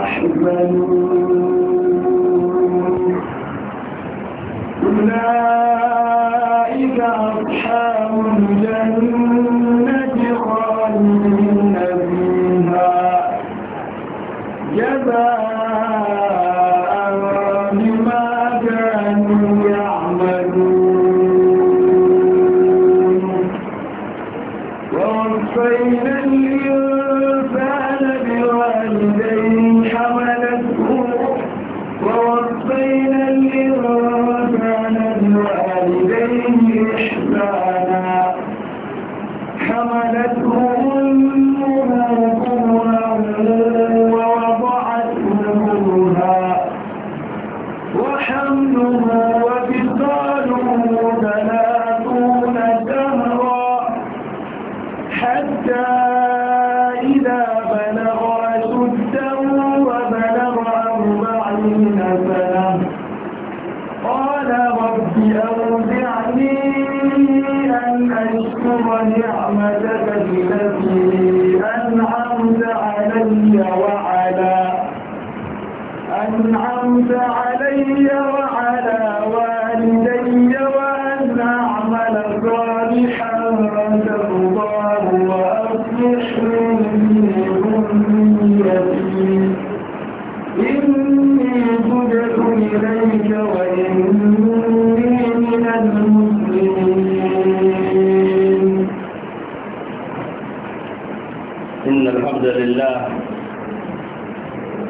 يحزنون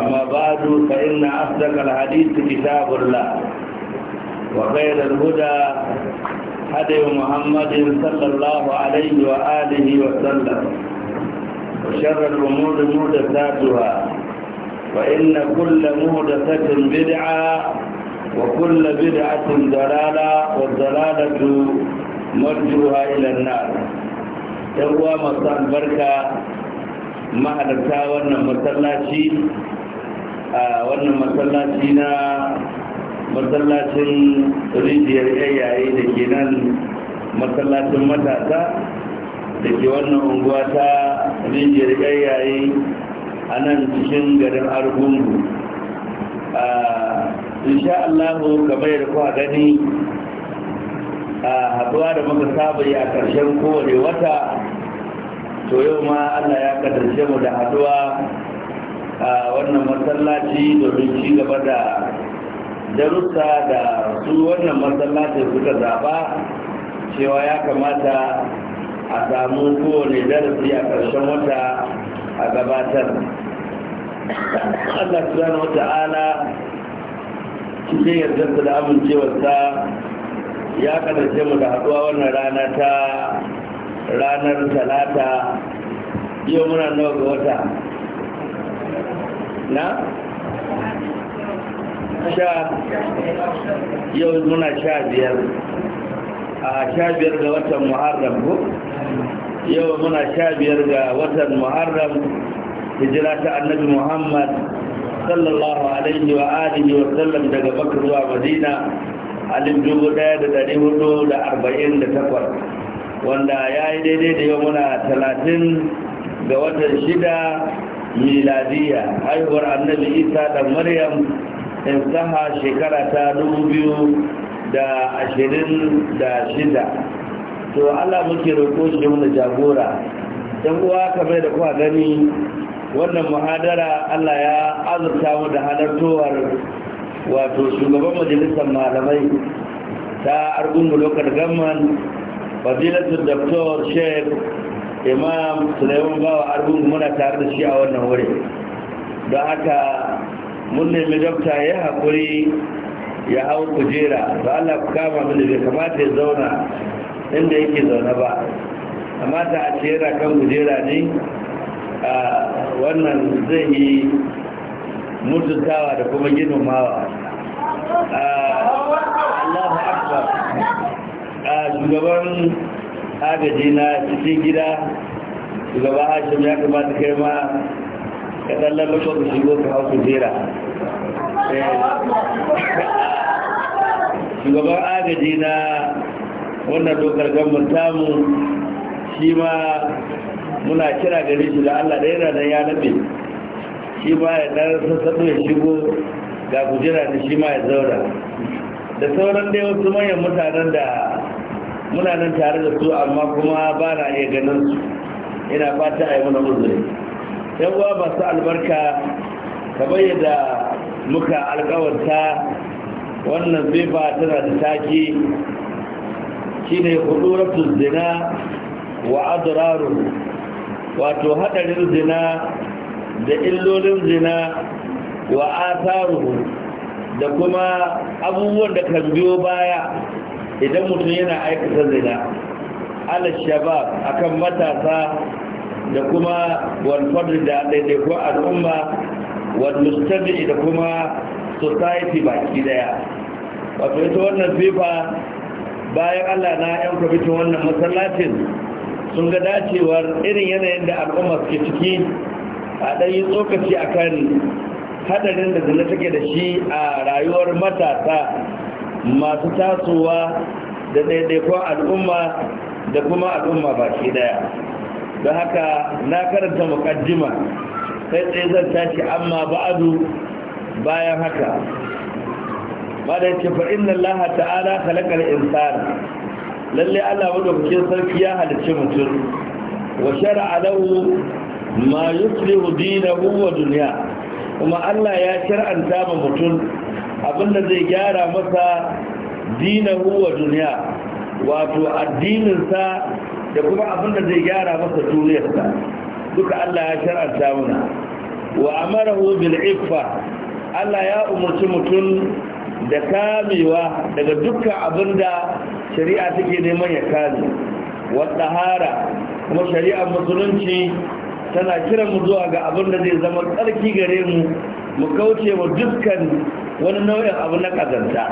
أما بعد فإن أصدق الحديث كتاب الله وخير الهدى هدي محمد صلى الله عليه وآله وسلم وشر الأمور محدثاتها فإن كل محدثة بدعة وكل بدعة ضلالة والضلالة مرجوها إلى النار يوم البركة ما هدفتا ونمتلاشي a wannan masallaci na masallacin rijiyar yayaye da ke nan masallacin matasa da ke wannan unguwa ta rijiyar yayaye a nan cikin garin argungu a insha allahu kamar yadda kuwa gani a haɗuwa da muka saba yi a ƙarshen kowane wata to yau ma allah ya ƙadarce mu da haduwa a wannan masallaci domin ci gaba da darussa da su wannan masallaci suka zaba cewa ya kamata a samu kowane darasi a ƙarshen wata a gabatar Allah subhanahu wata ala cikin yardarsa da amincewarsa ya kadace mu da haɗuwa wannan rana ta ranar talata yau muna nawa ga wata na sha yau muna sha biyar a sha biyar ga watan muharram ko yau muna sha biyar ga watan muharram hijira ta annabi muhammad sallallahu alaihi wa alihi wa sallam daga bakar zuwa madina alif dubu daya da dari hudu da arba'in da takwas wanda ya yi daidai da yau muna talatin ga watan shida miladiya haihuwar annabi isa da maryam insaha shekara ta dubu biyu da ashirin da shida to allah muke roƙo shi da jagora don uwa kamar da kuwa gani wannan muhadara allah ya azurta mu da halartowar wato shugaban majalisar malamai ta argungu lokar gamman fadilatul doktor sheikh imam sulaiman bawa argungu muna tare da shi a wannan wuri, don haka mun nemi dokta ya haƙuri ya hau kujera ba allah ku kama mini bai kamata ya zauna inda yake zauna ba kamata a ce yana kan kujera ne a wannan zai yi mutuntawa da kuma mawa a Allah akbar a shugaban agaji na cikin gida shugaba hashim ya kamata kai ma ka tsallar lokacin ku shigo ka hau ku jera eh. shugaban agaji na wannan dokar gamar tamu shi ma muna kira gari shi da allah ɗaya da ya nabe shi ma ya ɗan sassaɗo ya shigo ga kujera da shi ma ya zaura da sauran dai wasu manyan mutanen da muna nan tare da su amma kuma ba na iya ganin su ina fata a yi mana uzuri yan uwa masu albarka ka bayyana muka alkawarta wannan bifa tana da taki shine huduratu zina wa adararu wato hadarin zina da illolin zina wa atharuhu da kuma abubuwan da kan biyo baya idan mutum yana aikata zina ala shabab akan matasa da kuma walfadar da ɗaiɗaiku al'umma mustabi da kuma society baki daya wato ita wannan fifa bayan allah na 'yan kwamitin wannan masallacin sun ga dacewar irin yanayin da al'umma suke ciki a ɗanyi tsokaci akan hadarin da zina take da shi a rayuwar matasa masu tasowa da ɗaiɗaikon al'umma da kuma al'umma baki daya da haka na karanta muƙaddima sai tsaye zan tashi amma ba'adu bayan haka bada da fa inna Allah ta'ala khalaqal insana lalle Allah kuke sarki ya halarci mutum wa shar'a lahu ma yuslihu dinahu wa kuma Allah ya shar'anta ma mutum abinda zai gyara masa dinar wa duniya wato addininsa da kuma abinda zai gyara masa duniyarsa duka Allah ya shar'anta muna wa amarahu bil iffa Allah ya umarci mutum da kamewa daga duka abinda shari'a take neman ya kame wa tahara kuma shari'ar musulunci tana kiran mu zuwa ga abinda zai zama tsarki gare mu mu kauce wa dukkan wani nau'in abu na kazanta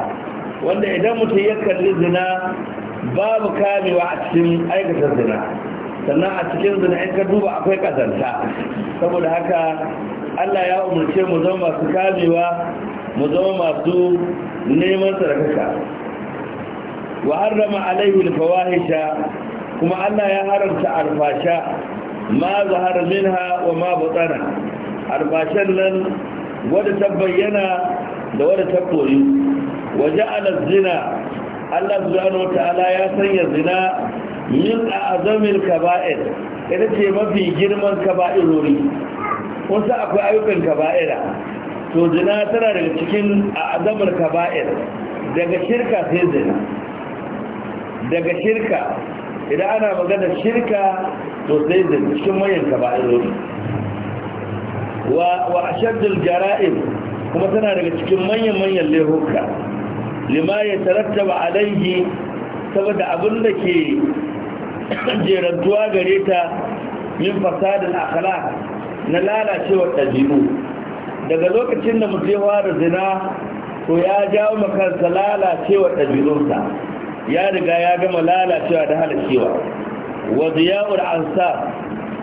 wanda idan mutum ya kalli zina babu kamewa a cikin aikata zina sannan a cikin zina in ka duba akwai kazanta saboda haka allah ya umarce mu zama masu kamewa mu zama masu neman sarakaka wa harrama alaihi alfawahisha kuma allah ya haramta alfasha ma zahara minha wa ma batana alfashan nan wadda ta bayyana da wadda ta waje ala zina Allah subhanahu ta'ala ya sanya zina yin a azamin kaba'ir ita ce mafi girman kaba'irori kun akwai ayyukan kaba'ira to zina tana daga cikin a azamin kaba'ir daga shirka sai zina daga shirka idan ana magana shirka to sai zina cikin mayan kaba'irori wa ashaddul jara'im kuma tana daga cikin manyan-manyan lehuka lima ya a alaihi saboda abin da ke jerantuwa gare ta min fasadin akala na lalacewar ɗabi'u daga lokacin da mutum ya zina to ya jawo makarsa lalacewar ɗabi'unsa ya riga ya gama lalacewa da halacewa ya ziya'ur ansa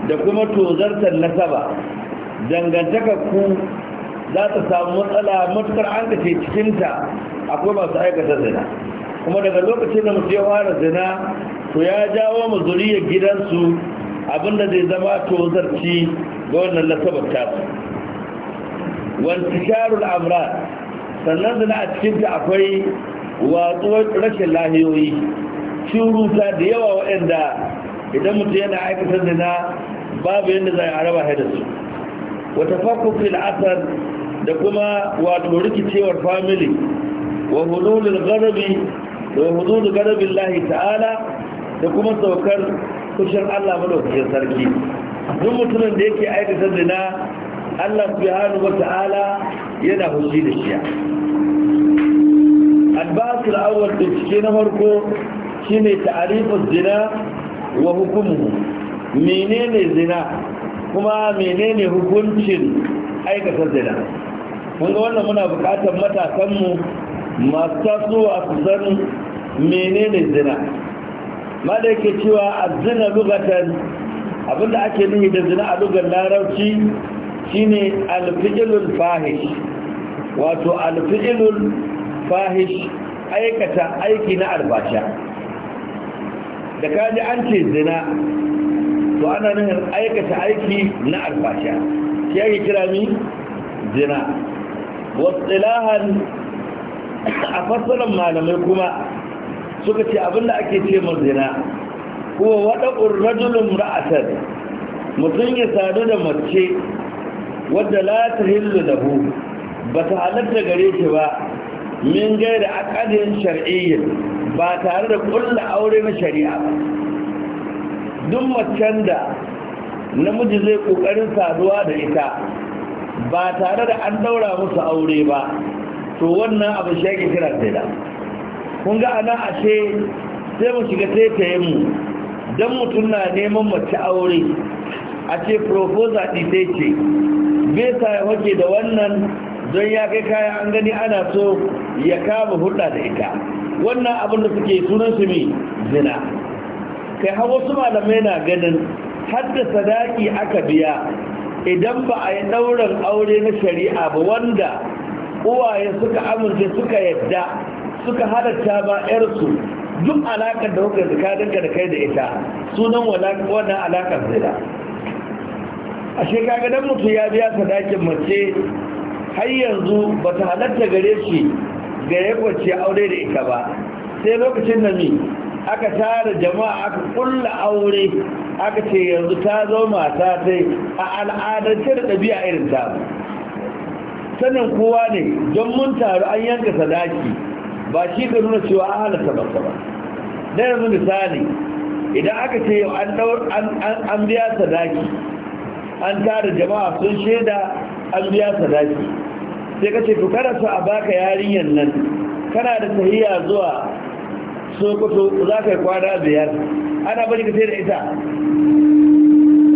da kuma tozartar nasaba dangantaka ku za ta samu matsala matukar an da ke cikinta akwai masu aikata zina kuma daga lokacin da mutu ya fara zina to ya jawo mu zuriyar gidansu abinda zai zama tozarci ga wannan lasabar tasu wanti sharul sannan zina a cikinta akwai watsuwar rashin lahiyoyi ruta da yawa waɗanda idan mutu yana aikata zina babu yadda zai araba raba wata fakon wata asar da kuma wato rikicewar family wa hududul garabi da hududul garabin Allah ta'ala da kuma saukar kushin Allah madaukakin sarki duk mutumin da yake aikata zina Allah subhanahu ta'ala yana hushi da shi albasul awwal da cike na farko shine ta'arifuz zina wa hukumuhu menene zina kuma menene hukuncin aikata zina kun ga wannan muna bukatar matakanmu masu tasowa su mene menene zina ma da yake cewa a zina lugatan abinda ake nuhi da zina a lugar larauci shine alfi'ilul fahish wato alfi'ilul fahish aikata aiki na albasha da kaji an ce zina to ana nuhin aikata aiki na albasha shi ake kira ni zina wasilahan a fassarar malamai kuma suka ce abinda ake ce zina kuma ra'atar mutum ya sadu da mace wadda la ta hillu da hu ba ta halatta gare shi ba min da akadin shari'iyyar ba tare da ƙulla aure na shari'a ba duk macen da namiji zai ƙoƙarin saduwa da ita ba tare da an daura musu aure ba to wannan abu shi yake kira sai da kun ga ana ashe sai mu shiga ta mu don mutum na neman mace aure a ce proposal sai ce bai ya da wannan don ya kai kayan an gani ana so ya kama hulɗa da ita wannan abin da suke sunan su mai zina kai har wasu malamai na ganin har da sadaki aka biya idan ba a yi ɗaurin aure na shari'a ba wanda uwaye suka amince suka yadda suka halatta ba 'yarsu duk alakar da kuka zikadanka da kai da ita sunan wannan alakar zina a shekaga don mutu ya biya sadakin mace har yanzu ba ta halatta gare shi ga ya aure da ita ba sai lokacin da mi aka tara jama'a aka kulla aure aka ce yanzu ta zo mata ta a al'adance da ɗabi'a irin ta sanin kowa ne don mun taru an yanka sadaki ba shi ka nuna cewa an halatta ba ba na yanzu misali idan aka ce an biya sadaki an tara jama'a sun shaida an biya sadaki sai ka ce ku a baka yarinyar nan kana da sahiya zuwa sokoto za ka yi kwana biyar ana bari ka da ita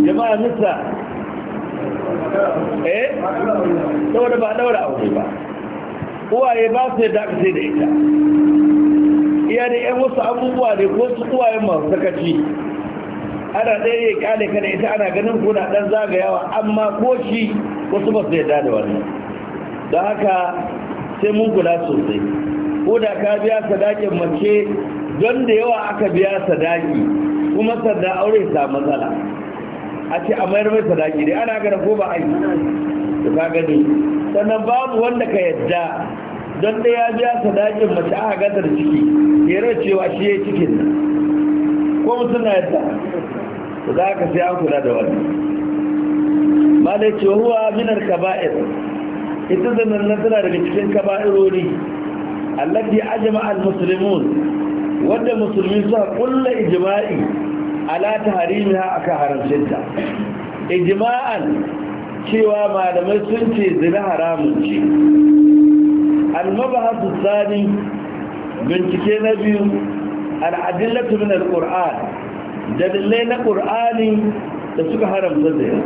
jama'a nista eh saboda ba daura aure ba uwaye ba su da ka da ita iya da yan wasu abubuwa ne ko su uwayen masu sakaci ana ɗaya ya kyale ka da ita ana ganin kuna ɗan zagayawa amma ko shi wasu ba su yadda da wannan don haka sai mun kula sosai ko da ka biya sadakin mace don da yawa aka biya sadaki kuma sadda aure ta matsala a ce a mayar mai sadaki dai ana gada ko ba aiki da ka gani sannan babu wanda ka yadda don da ya biya sadakin mace aka gata ciki kera cewa shi ya cikin nan ko mutum na yadda da za ka sai an kula da wani ma da cewa huwa minar kaba'ir ita zanen nasara daga cikin kaba'irori allati ajma'a al-muslimun wanda musulmi suka kulla ijma'i ala taharimiha aka haramcinta ijma'an cewa malamai sun ce zina haramun ce al-mabahasu tsani bincike na biyu al'adillatu min al-qur'an dalilai na qur'ani da suka haramta zina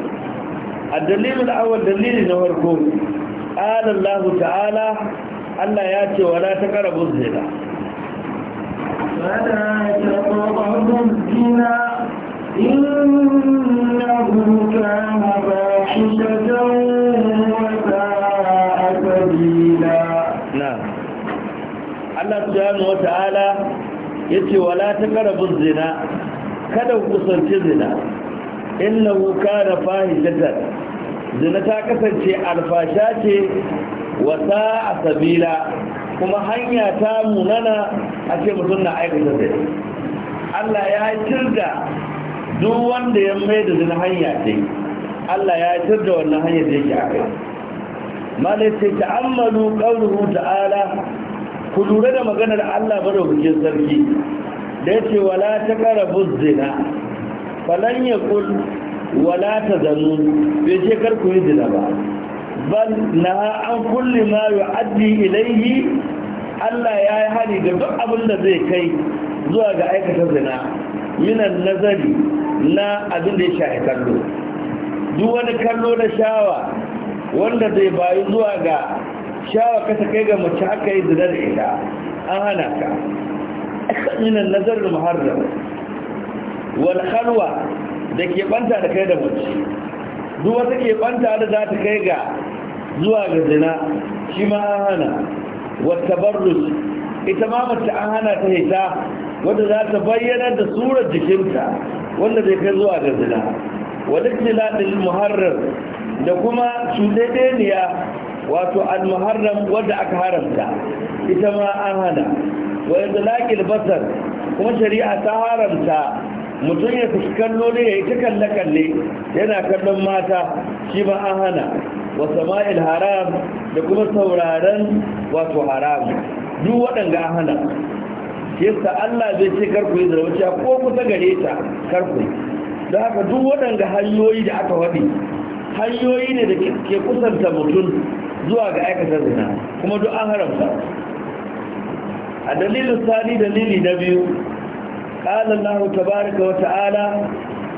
الدليل الأول دليل نوركم قال الله تعالى Allah ya ce wala ta zina ta karabu zina Allah subhanahu wa ta'ala yace wala ta karabu zina kada ku kusanci zina innahu kana fahishatan zina ta kasance alfasha ce wata a sabila kuma hanya ta munana a ce mutum na aikata zai Allah ya da duk wanda ya mai da zina hanya ce Allah ya da wannan hanyar da yake a kai ce ta ta'ammalu qawluhu ta'ala ku lura da maganar Allah hukin sarki da ce wala taqrabu zina falan yaqul wala ta zanu bai ce kar ku yi zina ba bal naha an kulli ma yu'addi ilayhi Allah ya yi hari ga duk abin da zai kai zuwa ga aikata zina minan nazari na abin da ya sha kallo duk wani kallo da shawa wanda zai bayu zuwa ga shawa kasa kai ga mace aka yi zinar da ita an hana ka minan nazarin muharram wal khalwa da ke banta da kai da mace duk wata ke banta da za ta kai ga zuwa ga zina shi ma an hana wata barrus ita ma mace an hana ta hita wadda za ta bayyana da surar jikinta wanda zai kai zuwa ga zina wadda tiladin muharram da kuma cuɗaɗɗeniya wato al-muharram wadda aka haramta ita ma an hana wadda laƙil basar kuma shari'a ta haramta mutum ya fi kallo ne ya yi ta kalle-kalle yana kallon mata shi ma an hana wa sama'il haram da kuma sauraron wato haram duk waɗanda hana yasa Allah zai ce karku yi zarwaciya ko kusa gare ta karku da haka duk waɗanda hanyoyi da aka waɗi hanyoyi ne da ke kusanta mutum zuwa ga aikata zina kuma duk an haramta a dalilin sani dalili na biyu قال الله تبارك وتعالى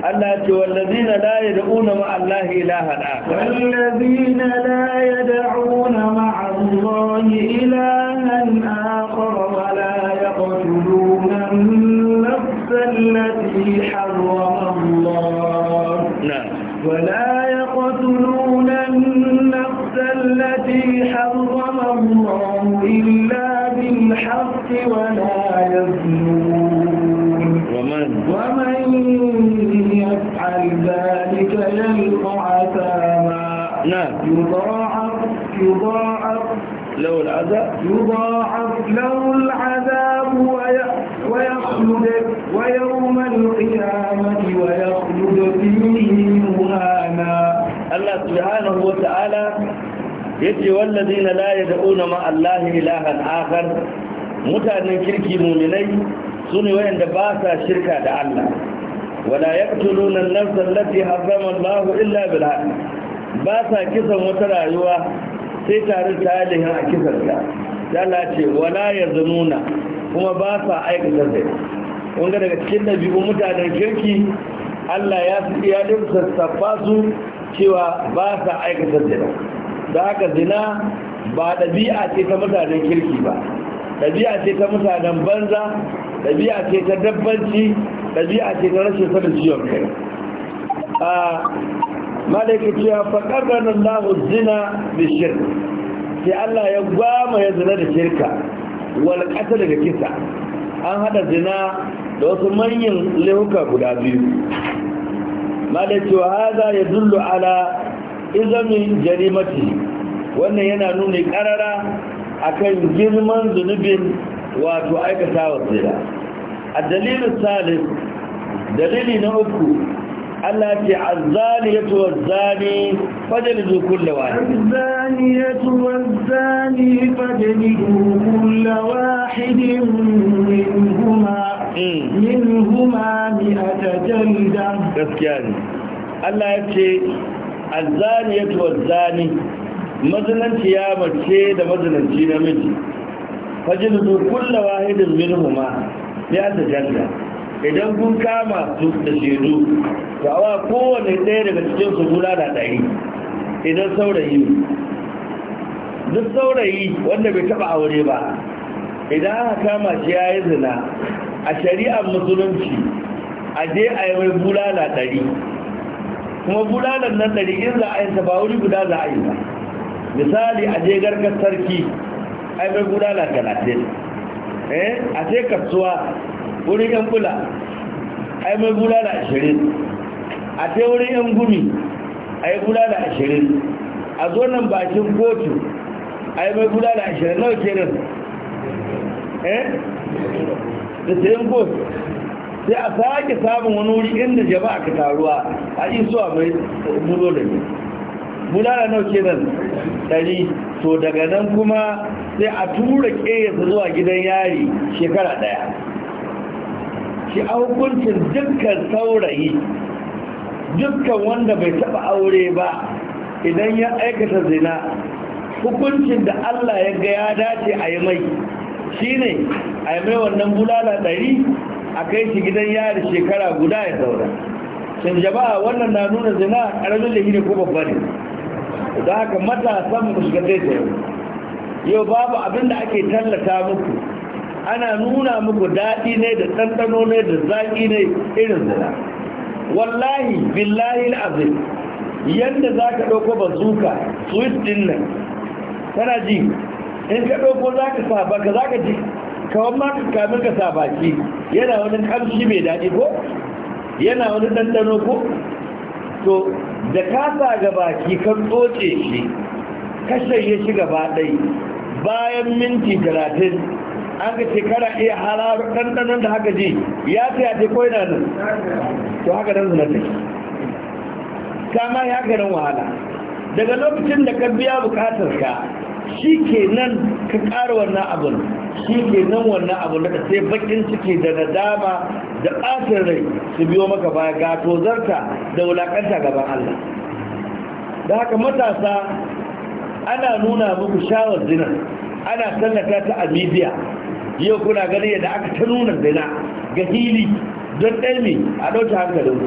الله والذين لا يدعون مع الله إلها آخر والذين لا يدعون مع الله إلها آخر ولا يقتلون النفس التي حرم الله نعم ولا يقتلون النفس التي حرم الله إلا بالحق ولا له العذاب يضاعف له العذاب ويخلد ويوم القيامة ويخلد فيه مهانا الله سبحانه وتعالى يجي والذين لا يدعون مع الله إلها آخر mutanen kirki muminai su ne wayanda ba sa shirka da Allah wala yaqtuluna an-nafsa allati harrama Allah illa bil ba sa kisan wata rayuwa sai tarin talihin a kisarta yana ce wala ya zanuna kuma ba sa aikata zai wanda daga cikin ɗabi'u mutanen kirki allah ya su iya sassafa su cewa ba sa aikata zina da haka zina ba ɗabi'a ce ta mutanen kirki ba ɗabi'a ce ta mutanen banza ɗabi'a ce ta dabbanci ɗabi'a ce ta rashin sanin ciwon kai ah, malaki ya faƙarar Allah zina da shirka sai Allah ya gwama ya zina da shirka wal ƙasa daga kisa an haɗa zina da wasu manyan laifuka guda biyu malaki haza ya dullu ala izamin jarimati wannan yana nuna ƙarara akan girman zunubin wato aikata wa tsira a dalilin salis dalili na uku Allah ce azzaniyatu wazzani fajlidu kullu wahid azzaniyatu wazzani fajlidu kullu wahidin minhuma hmm. minhuma mi'ata jalda gaskiya ne Allah ya ce azzaniyatu wazzani mazinanci ya mace da mazinanci namiji fajlidu kullu wahidin minhuma mi'ata jalda idan kun kama su da shaidu to wa kowane ɗaya daga cikin su na ɗari idan saurayi duk saurayi wanda bai taɓa aure ba idan aka kama shi ya yi zina a shari'ar musulunci a je a yi mai bulala ɗari kuma bulalar nan ɗari in za a yi ta ba wuri guda za a yi ba misali a je garkar sarki a yi mai gula talatin eh a ce kasuwa wurin yan kula ai mai gula da ashirin a te wurin yan gumi ai gula da ashirin a zo nan bakin kotu ai mai gula da ashirin nawa kenan eh da sayan kotu sai a sake samun wani wuri inda jama'a ka taruwa a yi isuwa mai bulo da ne da nau kenan ɗari to daga nan kuma sai a tura ƙeyasa zuwa gidan yari shekara ɗaya ki a hukuncin dukkan saurayi dukkan wanda bai taɓa aure ba idan ya aikata zina hukuncin da Allah ya ga ya dace a yi mai shi ne a yi mai wannan bulala ɗari a kai shi gidan yari shekara guda ya saura shan jama'a wannan na nuna zina ƙaramin lahi ne ko babba ne da haka matasan mu shiga zai yau babu abin da ake tallata muku ana nuna muku daɗi ne da ɗanɗano ne da zaƙi ne irin zina wallahi billahi al'azim yadda za ka ɗauko bazuka swiss ɗin nan tana ji in ka ɗauko za ka saba ka za ka ji kawon ma ka kamin ka ki yana wani kamshi mai daɗi ko yana wani ɗanɗano ko to da ka sa ga baki kan tsotse shi kashe ya shi gaba ɗai bayan minti talatin an ga shekara iya halaru ɗanɗanon da haka ji ya ce ya ce ko yana nan to haka nan zuna take kama ya haka wahala daga lokacin da ka biya bukatar ka shi ke nan ka ƙara wannan abin shi ke nan wannan abin da sai bakin ciki da nadama da ɓatin rai su biyo maka baya ga tozarta da wulaƙanta gaban Allah da haka matasa ana nuna muku shawar zinan ana tallata ta a media yau kuna gani yadda aka ta nuna zina ga hili don ɗalmi a ɗauki hankalin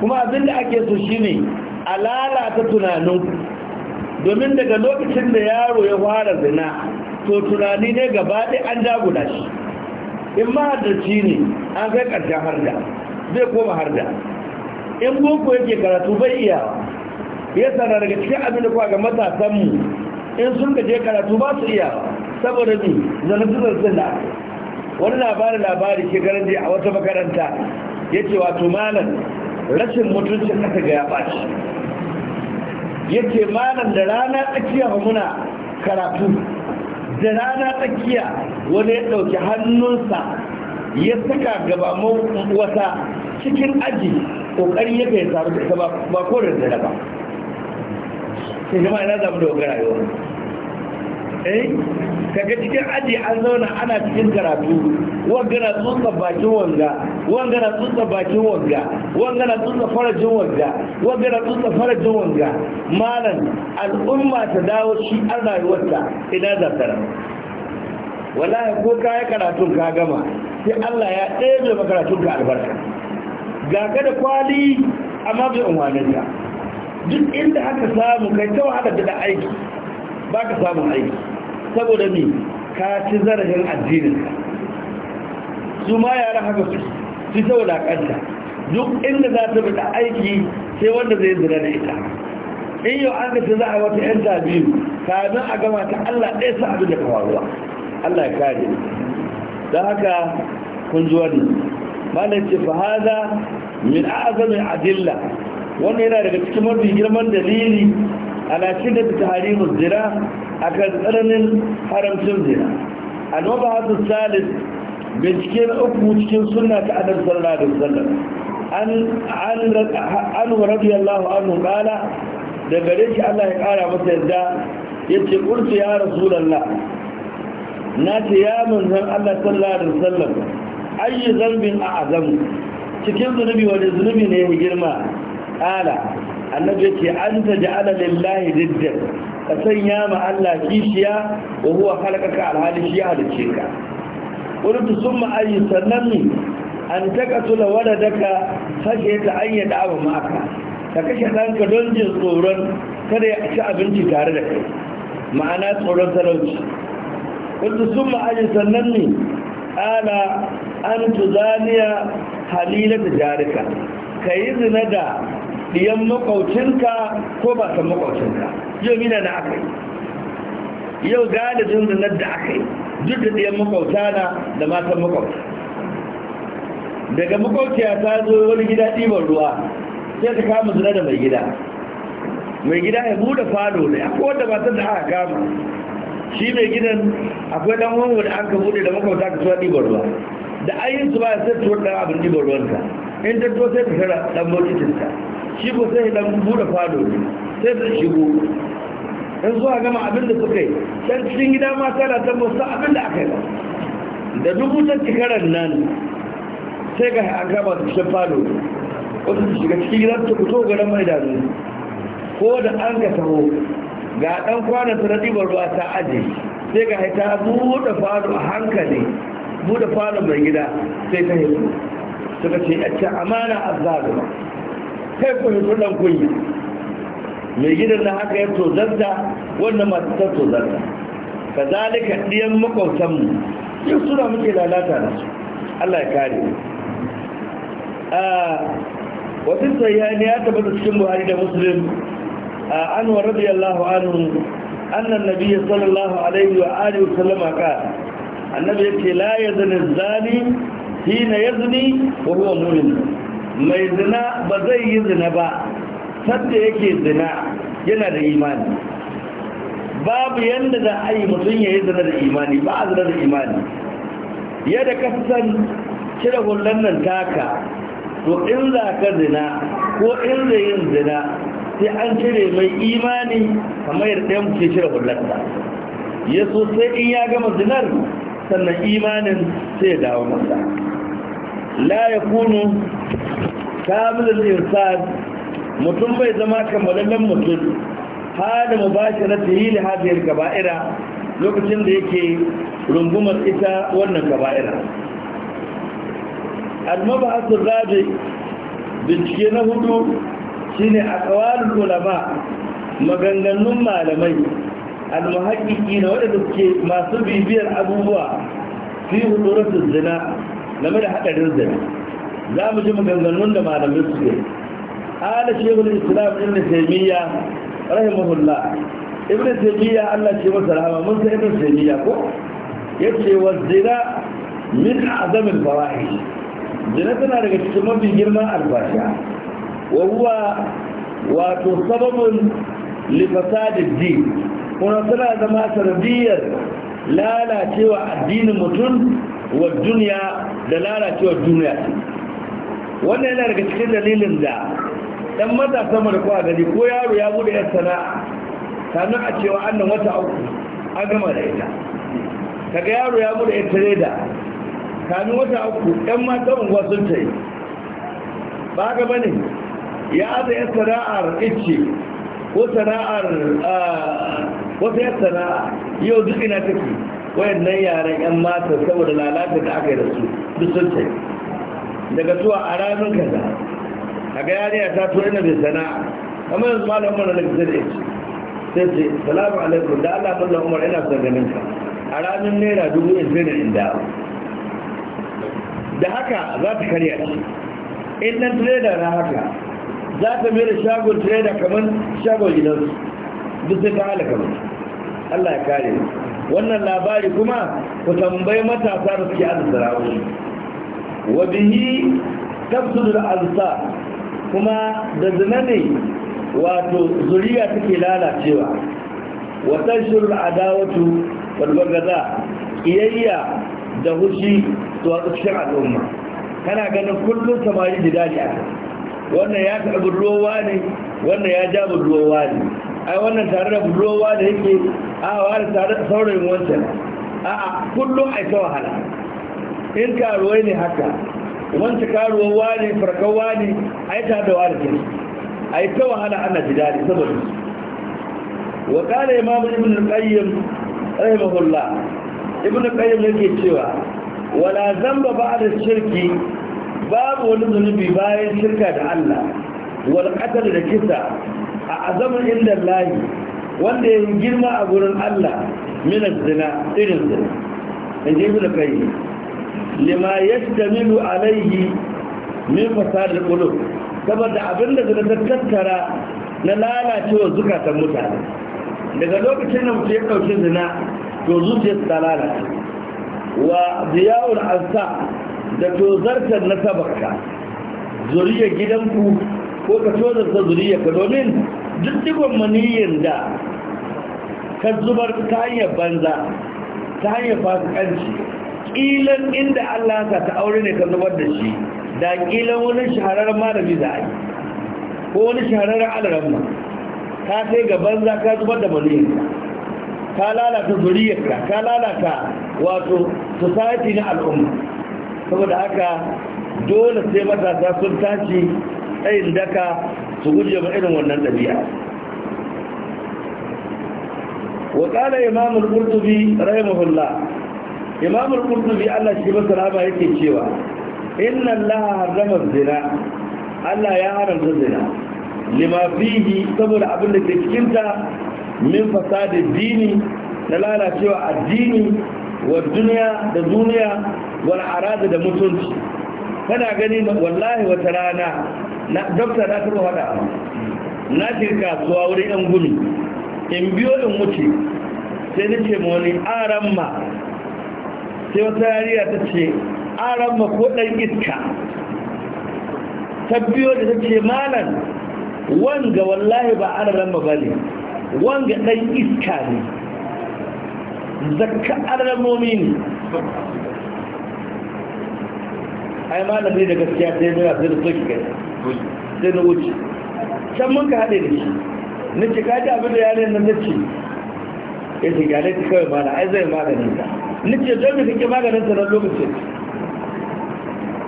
kuma abin da ake so ne a lalata tunanin domin daga lokacin da yaro ya fara zina to tunani ne gaba ɗaya an jaguda shi in mahadarci ne an kai ƙarshen harda zai koma harda in boko yake karatu bai iya ya sana daga cikin abin da kwa ga matasanmu in sun gaje karatu ba su iya? saboda ne zarafin da wani labarin labari ke garin a wata makaranta ya ce wato malam rashin mutuncin aka ga ya ɓaci ya ce malam da rana tsakiya ba muna karatu da rana tsakiya wani ya ɗauki hannunsa ya saka gaba wata cikin aji ƙoƙari ya kai saru da ba ko da ba sai jama'a ina zama da rayuwa Eh? kaga cikin aji an zauna ana cikin karatu wanga na tsutsa bakin wanga wanga na tsutsa bakin wanga wanga na tsutsa farajin wanga wanga na tsutsa farajin wanga malam al'umma ta dawo shi an rayuwarta ina za ta wallahi ko ka yi karatun ka gama sai Allah ya ɗebe makaratun ka albarka ga ka da kwali amma bai umarnin ka duk inda aka samu kai ta wahala da aiki ba ka samun aiki saboda ni ka ci zarafin addininka su ma yara haka su su saboda kanta duk inda za ta bada aiki sai wanda zai zira da ita in yau an kasu za a wata yan biyu kamin a gama ta allah ɗaya sa abin da kawaruwa allah ya kare don haka kun ji wani malar ce fahaza min a'azamin adilla wannan yana daga cikin mafi girman dalili Ana ala shiddati tahrimu zina kan tsananin haramcin zina al-mabahatu salis bincike na uku cikin suna ta adam sallallahu alaihi wasallam an an radiyallahu anhu qala da gare shi Allah ya kara masa yadda Ya ce qultu ya rasulullah na ce ya manzon Allah sallallahu alaihi wasallam ayyu zambin a'zam cikin zunubi wani zunubi ne ya girma qala annabi yake an ta ja'ala lillahi diddan ka sanya ma Allah kishiya wa huwa khalaqaka alhali shi ya halice ka qultu summa ay sanami an takatula waladaka khashiyata an ma aka ka kashe danka don jin tsoron kada ya ci abinci tare da kai ma'ana tsoron talauci qultu summa ayi sannan ni ala an tuzaniya halilata jarika kayi zina da ɗiyan makwaucinka ko ba san makwaucinka yau mina na aka yi yau galibin zanar da aka yi duk da ɗiyan makwauta na da matan makwauta daga makwauciya ta zo wani gida ɗiban ruwa sai ta kama zina da mai gida mai gida ya buɗe falo ne ko wanda ba da aka kama shi mai gidan akwai ɗan wani wani an ka buɗe da makwauta ka tuwa ɗiban ruwa da ayyinsu ba sai tuwa ɗan abin ɗiban ruwanka in ta tuwa sai ta tara ɗan bokitinta shi ba sai dan bude fado sai su shigo dan zuwa gama abin da suka yi can cikin gida ma tana tabbas sai abin da aka yi da dubu ta cikaran nan sai ga an gaba su cikin fado wasu su shiga cikin gida su fito ga mai da ko da an ka taho ga dan kwana ta radibar ruwa ta aje sai ga ta bude fado a hankali bude fado mai gida sai ta yi suka ce a amana azzaluma kai kunyi tunan kunyi mai gidan na haka ya tozarta wannan masu ta tozarta ka zalika ɗiyan makwautanmu yin suna muke lalata da su allah ya kare a wasu sayyani ya tabbata cikin buhari da musulun a an wa radiyallahu anhu annan nabi sallallahu alaihi wa alihi wa sallama ka annabi yace la yazni zani hina yazni wa huwa mu'min mai zina ba zai yi zina ba sadda yake zina yana da imani babu yadda da a yi mutum ya yi zina da imani ba a zina da imani yadda ka san cire hulɗar nan taka to in za ka zina ko in zai yin zina sai an cire mai imani kamar yadda ɗaya muke cire ta ya so sai in ya gama zinar sannan imanin sai ya dawo masa la ya kunu kamilin insan mutum bai zama kammalallen mutum hada mu bashi na tahili hadiyar kaba'ira lokacin da yake rungumar ita wannan kaba'ira almabahasun rabi bincike na hudu shine a kawarin ulama maganganun malamai almuhaƙiƙi na waɗanda suke masu bibiyar abubuwa fi hudurar zina game da haɗarin zina za mu ji maganganun da malamai suke ala shehul islam ibn taymiya rahimahullah ibn taymiya Allah ce masa rahama mun san ibn taymiya ko yace wa zina min azam al farahi zina tana daga cikin mafi girman albasha wa huwa wato sababun li fasad din kuma tana zama sanadiyar lalacewa addinin mutum wa duniya da lalacewa duniya wannan yana daga cikin dalilin da dan matasa sama da kowa gani ko yaro ya bude yar sana'a sannan a cewa annan wata uku an gama da ita kaga yaro ya bude yar tireda kamin wata uku yan mata unguwa sun ta yi ba ga bane ya aza yar sana'ar ice ko sana'ar wata yar sana'a yau duk ina take wayannan yaran yan mata saboda lalata da aka yi da su duk sun ta yi daga zuwa a ranar kaza a ga yare ta tura na bai sana'a kamar yanzu malam Umar na zai da ce sai ce salamu alaikum da allah mallam umar yana son ganin ka a ranar naira dubu in sai inda da haka za ta karya shi in nan trader na haka za ta mai da shagon trader kamar shagon gidansu duk sai ta halaka mutu allah ya kare wannan labari kuma ku tambayi matasa da suke arziki wa bihi tafsudul ansa kuma da zina ne wato zuriya take lalacewa wa tanshurul adawatu wal bagada iyayya da hushi to a cikin al'umma kana ganin kullum samari jidali a wannan ya taɓa budurwa ne wannan ya ja budurwa ne ai wannan tare da budurwa da yake a wani tare da saurayin wancan a'a kullum ai wahala in karuwai ne haka Wancan karuwa wani farkon wani a yi ta da wani ke a yi ta wahala ana jidali saboda su wa kala imamu ibn al-qayyim rahimahullah ibn al-qayyim yake cewa wala zamba ba'da shirki babu wani zunubi bayan shirka da Allah wal qatl da kisa a azamin inda layi, wanda ya girma a gurin Allah min zina irin zina in ji ibn al-qayyim lima milu alaihi min fasadil qulub saboda abin da ta tattara na lalacewa zukatan mutane daga lokacin da mutu ya ɗauki zina to su ta lalace wa ziyawar ansa da tozartar na sabarka zuriya gidanku ko ka tozarta zuriya ka domin duk digon maniyyar da ka zubar ta hanyar banza ta hanyar fasikanci ƙilan inda Allah ka ta aure ne ka zubar da shi da ƙilan wani shaharar malami za a yi ko wani shaharar alaran ma ka sai gaban za ka zubar da maliyarka ka lalata zuriyarka ka lalata wato society na al'umma saboda haka dole sai matasa sun tashi tsayin daka su guje ma irin wannan ɗabi'a وقال إمام القرطبي رحمه الله imamul qurtubi Allah shi masa rama yake cewa inna Allah zina Allah ya haramta zina lima saboda abin da ke cikin min fasadi dini na lalacewa addini wa duniya da duniya wal arada da mutunci kana gani wallahi wata rana na dokta na turo hada na ce kasuwa wurin yan gumi in biyo in wuce sai nake ce wani aran sai wata yariya ta ce an ramma ko ɗan iska ta biyo da ta ce malam wanga wallahi ba aran ramma ba ne wanga ɗan iska ne zakka aran momi ne ai malam ne da gaskiya sai nuna zira sai da soki kai sai na wuce can mun ka haɗe da shi na ce kaji abin da yanayin nan na ce ya ce gyalai ta kawai mana ai zai maganin ta ce don mu kake maganin sa na lokacin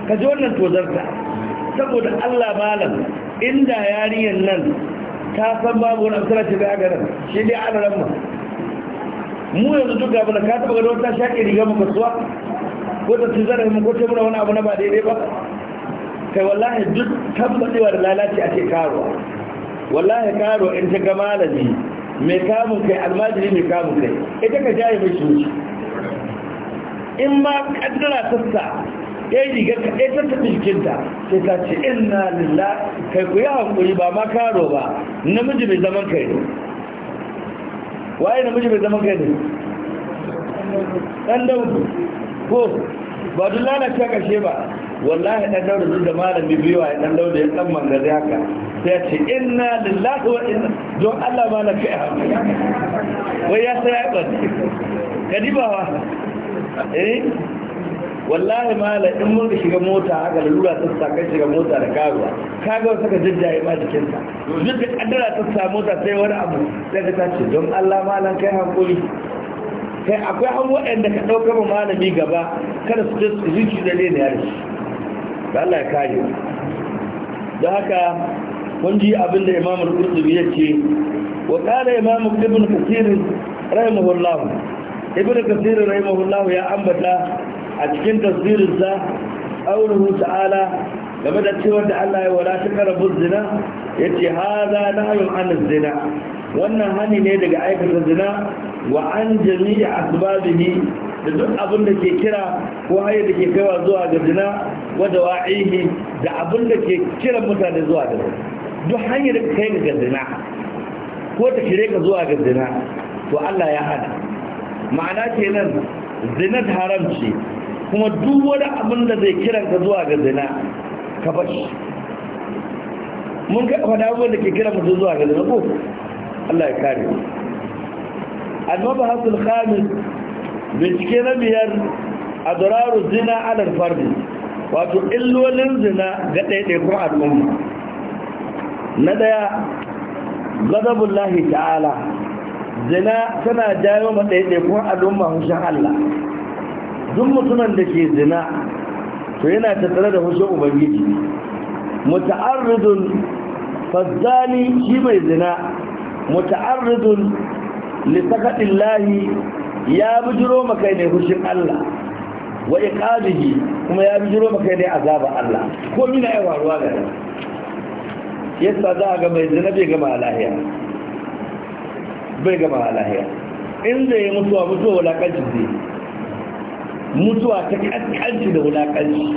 ka ji wannan tozarta saboda Allah malam inda yariyan nan ta san babu wani da ce da agaran shi dai a ramma mu yanzu duk gaba da ka taɓa gado ta shaƙe riga mu kasuwa ko ta ci zarafi mu ko ce muna wani abu na ba daidai ba kai wallahi duk tabbacewa da lalaci a ce karuwa wallahi karuwa in ta ga malami mai kamun kai almajiri mai kamun kai ita ka jaye mai shi in ma kaddara sassa, ya yi rigar kaɗai ta tafi jikinta sai ta ce ina lilla kai ku yi haƙuri ba ma karo ba namiji mai zaman kai ne waye namiji mai zaman kai ne ɗan daudu ko ba duk lalata ƙashe ba wallahi ɗan daudu duk da malami biyu a ɗan daudu ya ɗan mangare haka sai ya ce ina lillahi wa ina don allah ma na kai haƙuri wai ya sai ya ɓace kadibawa Eh? wallahi mala in mun ka shiga mota ga lura ta sa kai shiga mota da karuwa kaga saka jajjaye ma jikinta duk da kaddara ta sa mota sai wani abu sai ka tace don Allah malan kai hankuri kai akwai an waɗanda ka ɗauka ma malami gaba kada su je su zuci da ne ya shi da Allah ya kare don haka mun ji abin da Imam Al-Qurtubi ya ce wa qala Imam Ibn Kathir rahimahullah ibn kasir rahimahullahu ya ambata a cikin tafsirin sa qawluhu ta'ala game da cewa da Allah ya wala shi karabu zina yace hadha nahyun an zina wannan hani ne daga aikata zina wa an jami'a asbabihi da duk abin da ke kira ko hayar da ke kaiwa zuwa ga zina wadda dawa'ihi da abin da ke kira mutane zuwa ga zina duk hanyar da kai ga zina ko ta shirye ka zuwa ga zina to Allah ya hana ma'ana kenan zinat haram ce kuma duk wani abin da zai kiranka zuwa ga zina ka bashi mun ka faɗa abubuwan da ke kiran mutum zuwa ga zina ko Allah ya kare al-mabahas al-khamis bincike na biyar adraru zina ala al-fardi wato illolin zina ga ɗaiɗaikun al'umma na ɗaya ghadabullahi ta'ala zina tana jayo ma ɗaiɗaikun al'umma hushin Allah duk mutumin da ke zina to yana tattare da hushin ubangiji muta'arridun fazzani shi mai zina muta'arridun lisakaɗin lahi ya bijiro makai ne hushin Allah wa iqabihi kuma ya bijiro makai ne azaba Allah ko mina ya waruwa ga yasa za a ga mai zina bai gama lahiya bai gama a lahiya in zai yi mutuwa mutuwa wulaƙanci zai mutuwa ta ƙasƙanci da wulaƙanci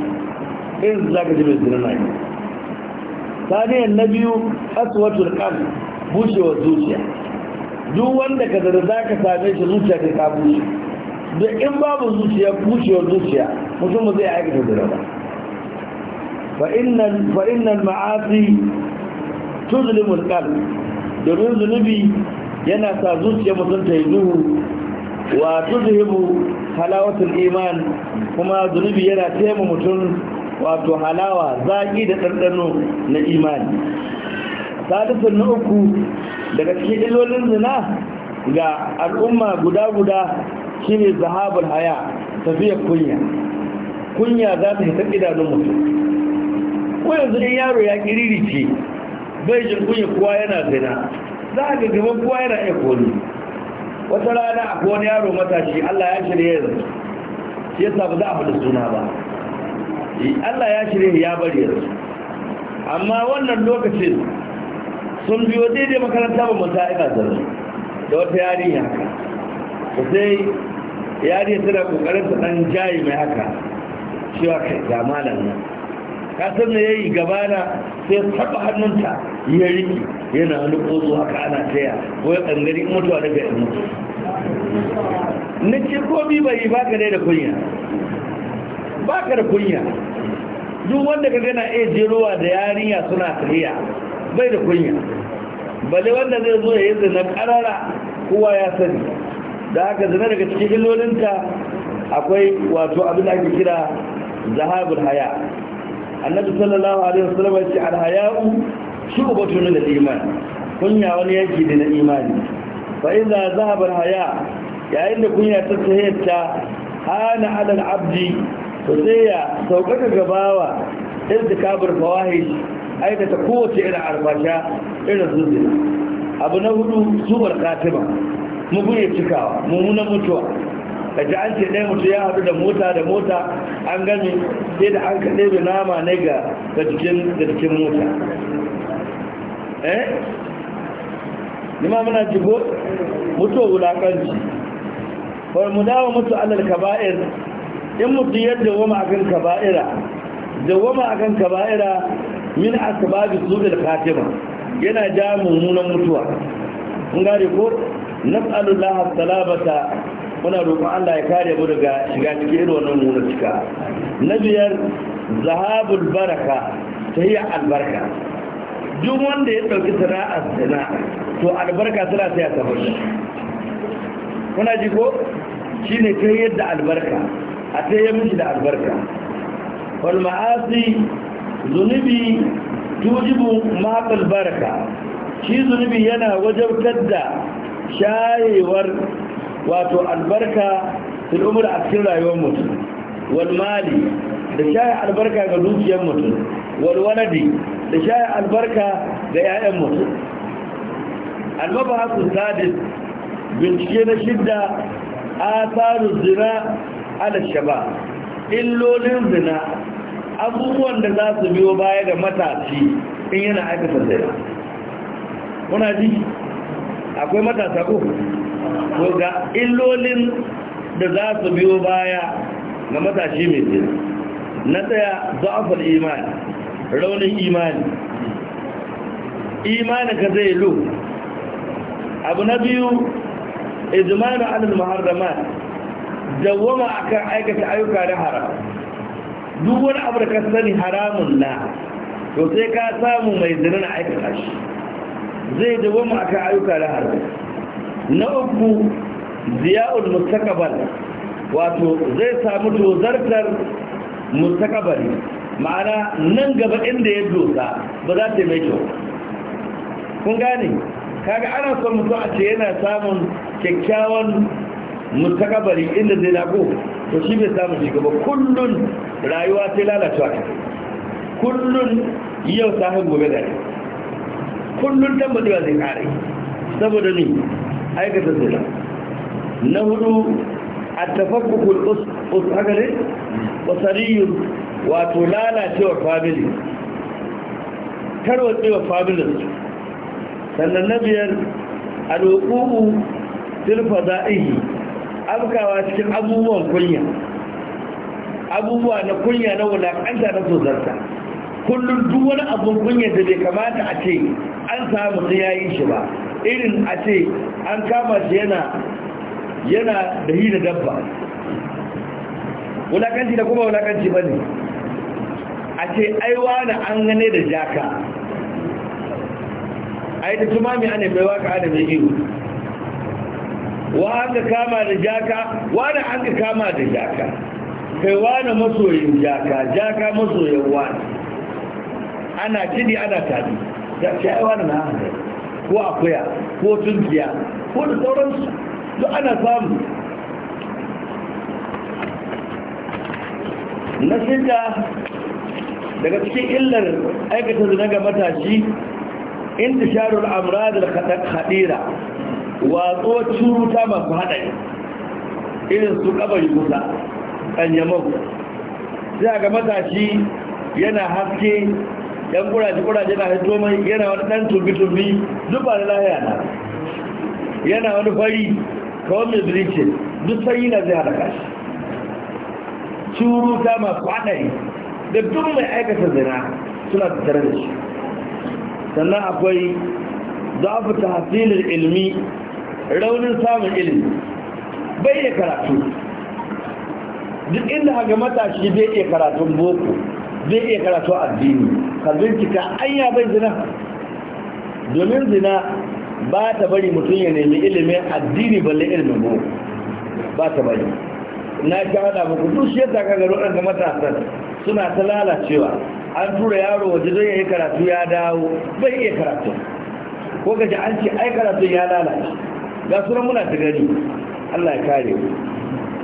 in za ka ji mai zina na yi saniyan na biyu aswatul kan bushewar zuciya duk wanda ka zara za ka same shi zuciya ta ta bushe da in babu zuciya bushewar zuciya mutum ba zai aikata zira ba fa'innan ma'asi tuzlimul kan domin zunubi yana sa zuciya mutum ta yi duhu wa tuzhibu halawatul iman kuma zunubi yana taimaka mutum wato halawa zaki da dandano na imani sadisun na uku daga cikin ilolin zina ga al'umma guda-guda shine zahabul haya tafiya kunya kunya za ta hita idanun mutum ko yanzu yaro ya kiriri ce bai jin kunya kowa yana zina za a gaggaban kuwa yana iya koli wata rana a kowane yaro matashi allah ya shirya yanzu shi yasa ba za a faɗi suna ba allah ya shirya ya bari yanzu amma wannan lokacin sun biyo daidai makaranta ba mata ina zarra da wata haka. ta sai ya tana kokarin ta dan jayi mai haka cewa kai ga malam nan ka san da yayi gabana sai taba hannunta ya riki yana wani kozo haka ana taya ko ya kangari mutuwa daga yan mutu na ce ko bi bai ba ka da kunya ba ka da kunya duk wanda ka gana iya jerowa da yarinya suna tafiya bai da kunya bale wanda zai zo ya yi zina ƙarara kowa ya sani da haka zina daga cikin illolinta akwai wato abin da ake kira zahabul haya annabi sallallahu alaihi wasallam ya ce al haya'u shi batu ne da imani kunya wani yanki ne na imani fa za zahabar haya yayin da kunya ta tsayarta hana alal abdi to sai ya saukaka gabawa irtikabar fawahish aikata kowace irin arbasha irin zuzina abu na hudu zubar mu mugun cikawa mummunan mutuwa da ji an ce ɗaya mutu ya haɗu da mota da mota an gani sai da an kaɗe da nama ne ga jikin mota eh nima muna jigo mutu wulakanci ko mu dawo mutu alal kaba'ir in mutu yadda wama akan kaba'ira da wama akan kaba'ira min asbabi su'il khatima yana ja mummunan mutuwa mun gari ko allah salamata muna roƙon Allah ya kare mu daga shiga cikin irin wannan munafika cika na biyar zahabul baraka ta hiyar albarka duk wanda ya ɗauki sana'ar sana to albarka suna sai a tabar kuna ji ko shi ne ta yadda albarka a ta yi mishi da albarka wal ma'asi zunubi tujibu maƙal baraka shi zunubi yana wajabtar da shayewar wato albarka fil umar a cikin rayuwar mutum wal mali da shaye albarka ga dukiyar mutum wal waladi da shaya albarka ga 'ya'yan mutum almabahasu sadis bincike na shidda a asarin zina ala shaba illolin zina abubuwan da za su biyo baya ga matashi in yana aikata zina Muna ji akwai matasa ko to ga illolin da za su biyo baya ga matashi mai zina na tsaya za'afar imani raunin imani imani ka zai lo abu na biyu izmanu alal muharrama dawwama akan aikata ayyuka da haram duk wani abu da ka sani haramun na to sai ka samu mai zina na aikata shi zai dawwama akan ayyuka da haram na uku ziyarar mustaqbal wato zai samu tozartar mustaqbali ma'ana nan gaba inda ya dosa ba za ta mai kyau kun gane kaga ana son mutum a ce yana samun kyakkyawan mutakabari inda zai lago to shi bai samun shiga ba. kullun rayuwa sai lalacewa ta kullun yau sahin gobe gari kullun tambadewa zai kare saboda ni aikata zai na hudu a tafakukul us haka ne wasariyun wato lalacewar family tarwatsewar familin sannan na biyar al'ubu zirfa za'ihi abukawa cikin abubuwan kunya abubuwa na kunya na wulaƙanta na tozarta kullum duk wani abun kunya da bai kamata a ce an samu sai ya yi shi ba irin a ce an kama shi yana yana da hira dabba wulaƙanci da kuma wulaƙanci ba ne a ce aiwa na an gane da jaka a yi ta tuma mai ana baiwa ka ana mai iyo wa an ka kama da jaka wa na an ka kama da jaka kai wa na masoyin jaka jaka masoyin wa ana kidi ana tabi da ce aiwa na na ko akuya ko tunkiya ko da sauransu duk ana samu na shida daga cikin illar aikata zina ga matashi inda intisharul amradul khadira watsuwar curuta masu haɗari irin su ƙabari kusa ƙanyamau sai ga matashi yana haske yan ƙuraje-ƙuraje na hito mai yana wani ɗan tumbi-tumbi duk da lahiya na yana wani fari kawai mai birkin duk sanyi na zai haɗa kashi curuta masu haɗari da duk mai aikata zina suna tattare da shi sannan akwai zafi ta hasilin ilmi raunin samun ilimi bai iya karatu duk inda haga matashi bai iya karatun boko bai iya karatu addini ka an ya bai zina domin zina ba ta bari mutum ya nemi ilimin addini balle ilimin boko ba ta bari na ta hada muku duk shi garo ɗan ga matasan suna ta lalacewa an tura yaro waje zai yi karatu ya dawo bai iya karatu ko gaji an ce ai karatu ya lalace ga sunan muna ta gani Allah ya kare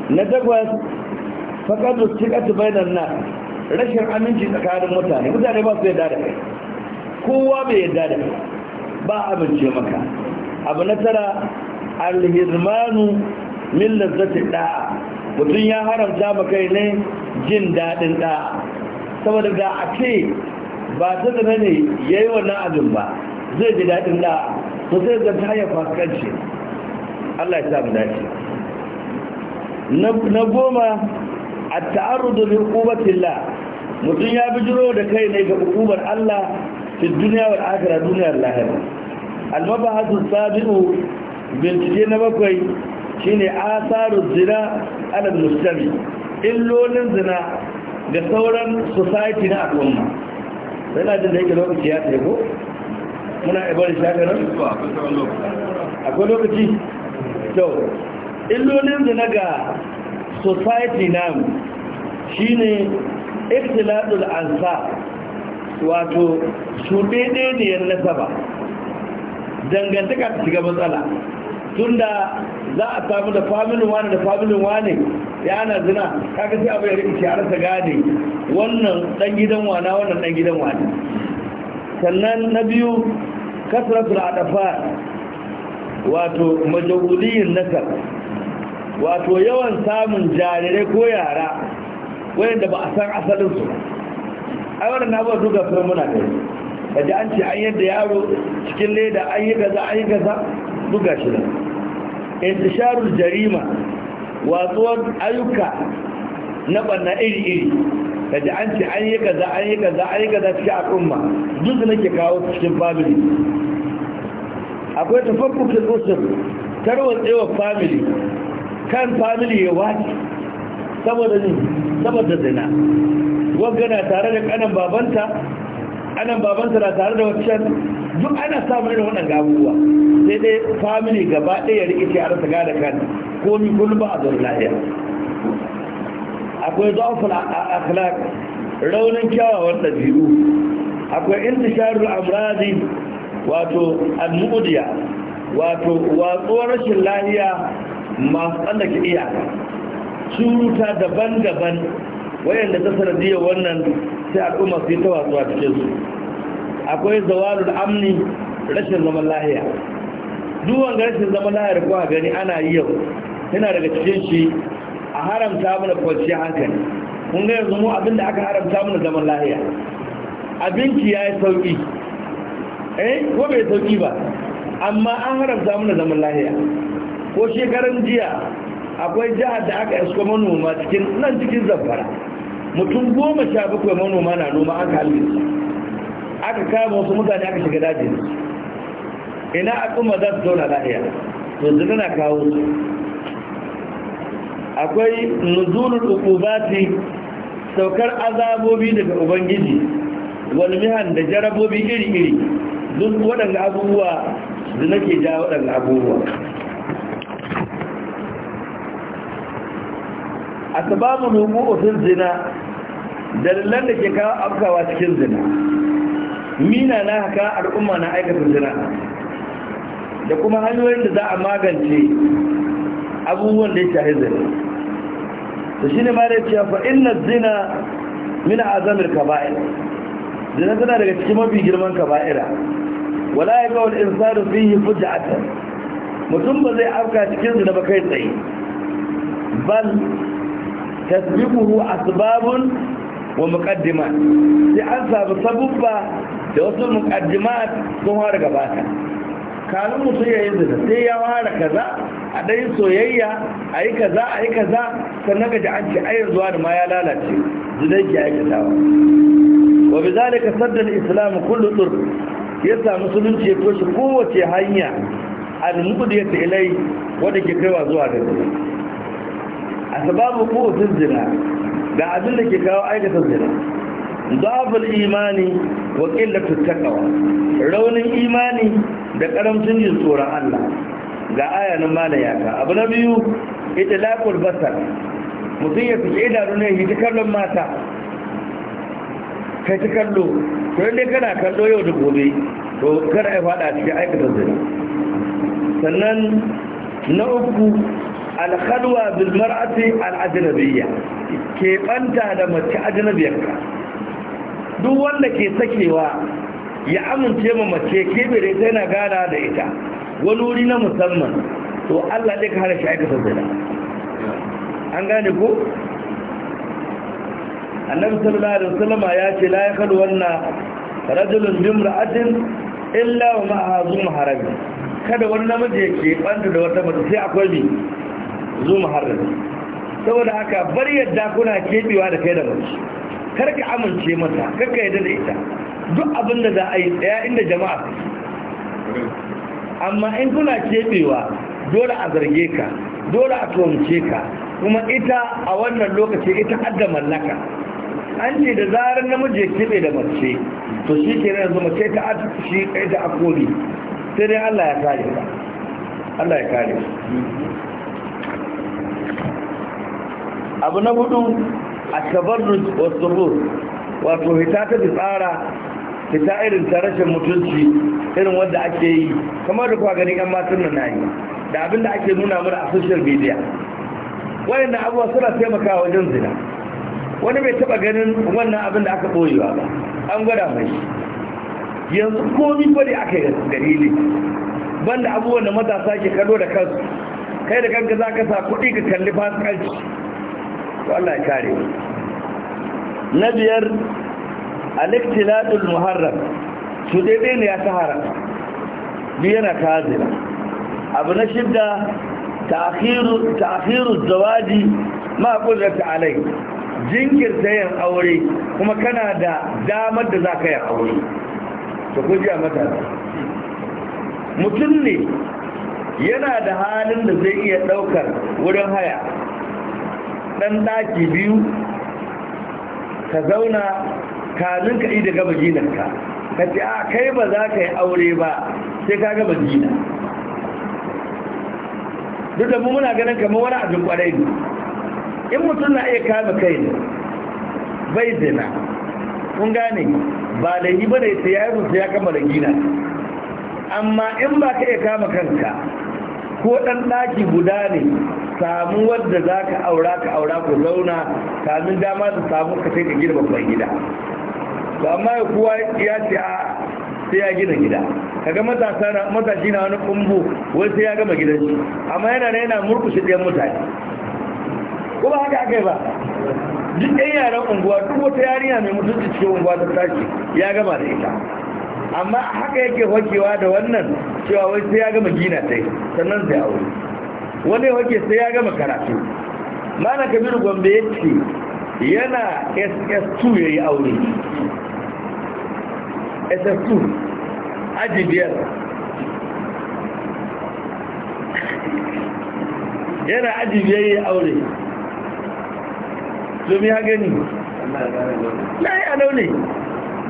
na takwas fakadu bai bainan na rashin aminci tsakanin mutane mutane ba su yarda da kai kowa bai yarda da kai ba amince maka abu na tara alhizmanu min lazzati da'a mutum ya haramta maka ne jin daɗin ɗa saboda da a ce ba ta zana ne ya yi wannan abin ba zai ji daɗin ɗa to zai zanta ya fasikanci Allah ya samu dace na goma a ta'arrudu bi hukumatin la mutum ya bijiro da kai ne ga hukumar Allah fi duniya wa akhirah duniyar lahira al hasu sabiu bincike na bakwai shine asaru zina alal mustami illolin zina da sauran society na al'umma sai na jin da yake lokaci ya teku, muna ibar shakarar akwai lokaci kyau illolin zina ga society shi ne ikhtilatul ansa wato shuɗe ɗaya ne yan nasaba dangantaka ta shiga matsala tunda za a samu da familin wane da familin wane ya ana zina kaga sai abu ya rikici a rasa gane wannan dan gidan wana wannan dan gidan wane sannan na biyu kasratul adafa wato majhuliyin nasar, wato yawan samun jarirai ko yara wayanda ba a san asalin su ai wannan na ba duka sai muna kaji an ce an yadda yaro cikin leda an yi kaza an yi gaza duka shi ne. intisharul jarima watsuwar ayyuka na banna iri-iri da ji an ce an yi kaza an yi kaza an yi kaza cikin al'umma duk da nake kawo cikin family akwai tafakkufin usul tsewa family kan family ya wace saboda ne saboda zina wagana tare da kanan babanta anan babansa na tare da wancan duk ana samun irin wannan gabuwa sai dai family gaba ɗaya rikici a rasa gada kan komi kullum a zuwa lafiya akwai zafin akhlaq raunin kyawawan ɗabi'u akwai intisharul amradi wato al-mu'udiya wato watsuwar rashin lahiya masu tsallake iyaka suruta daban-daban wayanda ta sanadiyar wannan sai al'umma su yi ta wasu cikin su akwai zawalul amni rashin zaman lahiya duwan ga rashin zaman lahiyar kuwa gani ana yi yau yana daga cikin shi a haramta mana kwanciyar hankali kun ga yanzu mu abinda aka haramta mana zaman lahiya abinci ya yi sauƙi eh ko bai sauƙi ba amma an haramta mana zaman lahiya ko shekaran jiya akwai jihar da aka isko manoma cikin nan cikin zamfara mutum goma sha bakwai manoma na noma aka halin aka kama wasu mutane aka shiga dajin ina al'umma za su zauna lahiya to zina na kawo su akwai nuzulul uqubati saukar azabobi daga ubangiji wani mihan da jarabobi iri iri duk waɗanda abubuwa da nake ja waɗanda abubuwa a wuqu'u fil zina dalilan da ke kawo afkawa cikin zina mina na haka al'umma na aikata zina da kuma hanyoyin da za a magance abubuwan da ya shahi zina da shi ne ma da cewa fa inna zina mina ka ba'ira zina tana daga cikin mafi girman ba'ira wala ya ga wani insanu a can, mutum ba zai afka cikin zina ba kai tsaye bal tasbiquhu asbabun wa muqaddimat sai an samu sabubba da wasu muqaddimat sun fara gabata kalin mutum ya yi zina sai ya fara kaza a ɗan soyayya a yi kaza a yi kaza sannan ka an ce ayar zuwa da ma ya lalace zinai ke aikatawa wa bi zalika saddal islam kullu dur ya samu musulunci ya toshe kowace hanya al-mudiyat ilai wanda ke kaiwa zuwa ga zina asbabu quwwatin zina ga abin da ke kawo aikata zina zafin imani wa ƙillafin raunin imani da ƙaramcin jin tsoron Allah ga ayanin mana yaka abu na biyu ita laƙul basar mutum ya fice idanu ne hiji kallon mata kai ta kallo to inda kana kallo yau da gobe to kada ya faɗa cikin aikata zina sannan na uku alkhalwa bil mar'ati al ajnabiyya ke banta da mace ajnabiyarka duk wanda ke sakewa ya amince ma mace ke bare sai na gana da ita wani wuri na musamman to Allah zai ka hana shi aikata zina an gane ko annabi sallallahu alaihi wasallam ya ce la yakhlu wanna rajulun bi illa wa ma'azu muharami kada wani namiji ya ke banta da wata mace sai akwai mi da muharrami saboda haka bar yadda kuna kebewa da kai da mace kar amince mata kar yadda da ita duk abin da za a yi tsaya inda jama'a amma in kuna kebewa dole a zarge ka dole a tuwamce ka kuma ita a wannan lokaci ita adda mallaka an ce da zarar namiji ya kebe da mace to shi ke zuma ce ta shi kai da akoli sai dai Allah ya kare ka Allah ya kare abu na hudu a tabarru wa zuhur wato hita ta tsara hita irin ta rashin mutunci irin wanda ake yi kamar da kwa gani yan matan nan nayi da abin da ake nuna mana a social media wayannan abubuwa suna taimakawa wajen zina wani bai taba ganin wannan abin da aka boyewa ba an gwada mai yanzu komi bari aka yi dalili banda abubuwan da matasa ke kado da kansu kai da kanka za ka sa kuɗi ka kalli fasikanci to Allah ya kare na biyar al-iktiladul muharram su daidai ne ya sahara bi yana kazira abu na shidda ta'khiru ta'khiru zawaji ma qudrat alai jinkirta yin aure kuma kana da damar da zaka yi aure to ku ji a mutum ne yana da halin da zai iya daukar wurin haya ɗan ɗaki biyu ka zauna kanin ka da gaba ginarka ka ce a kai ba za ka yi aure ba sai ka gaba jina". duk da mu muna ganin kamar wani abin kwarai ne in mutum na iya kama kai ne bai zina kun gane ba da yi ba da ya yi ya kama da gina amma in ba ka iya kama kanka ko ɗan ɗaki guda ne samu wadda za ka aura ka aura ku zauna kamin dama su samu ka sai ka gina babban gida to amma ya kuwa ya ce a sai ya gina gida kaga matasa na matashi na wani kumbu wai sai ya gama gidan shi amma yana na yana murkushe ɗayan mutane ko ba haka aka yi ba duk ɗan yaran unguwa duk wata yarinya mai mutunci cikin unguwa ta tashi ya gama da ita amma haka yake hokewa da wannan cewa wai sai ya gama gina sai sannan sai aure wani hoke sai ya gama karatu mana kabiru gombe ya ce yana ss2 ya yi aure ss2 aji biyar yana aji biyar ya yi aure domin ya gani na yi anau ne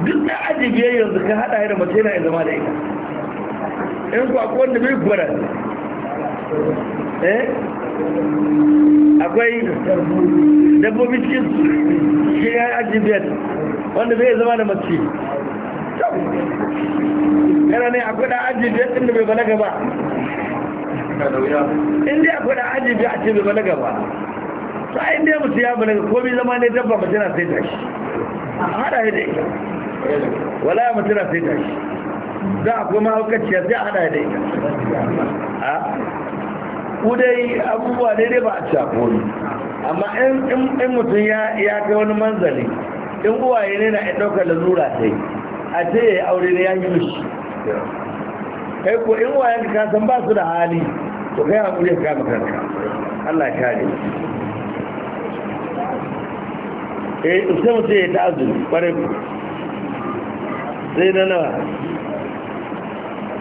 duk da aji biyar yanzu ka haɗa da mace yana zama da ita in ku akwai wanda bai gwada eh akwai dabbobi cikin shi ya aji biyar wanda bai zama da mace yana ne akwai da aji biyar ɗin da bai balaga ba in dai akwai da aji biyar a ce bai balaga ba a sa'in dai mutu ya balaga komi zama ne dabba mace na sai shi. a haɗa ya da ita wala ya mutuna sai ta shi za a kuma haukaciya sai a hada da ita a kudai abubuwa daidai ba a shafi amma in mutum ya kai wani manzali in uwaye ne na ɗaukar da ta yi a ce ya yi aure ne ya yi mishi kai ko in wayan ka san ba su da hali to kai hakuri ka kama kanka Allah ya kare eh sai mutum ya ta azumi ku sai na nawa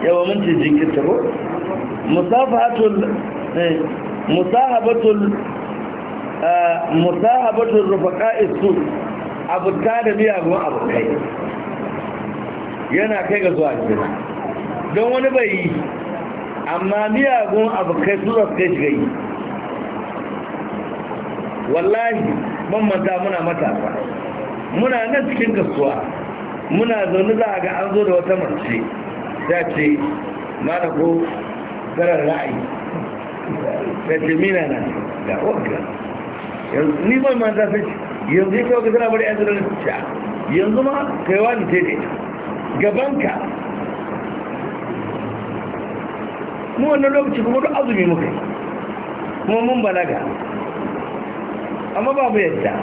yawa mun ce jinkirta ko musafahatul eh, musahabatul eh, musahabatul rufaqa'is su abuta da miyagun abokai yana kai ga zuwa jira don wani bai yi amma miyagun abokai su zasu shiga yi wallahi ban manta muna matasa muna nan cikin kasuwa muna zaune za a ga an zo da wata mace ta ce mana ko tsarar ra'ayi ta ce mina na da yanzu ni ban ma ta sace yanzu ya kawo tana bari yanzu da ta yanzu ma kai ni ce ne gabanka mu wannan lokaci kuma duk azumi muka kuma mun balaga amma babu yadda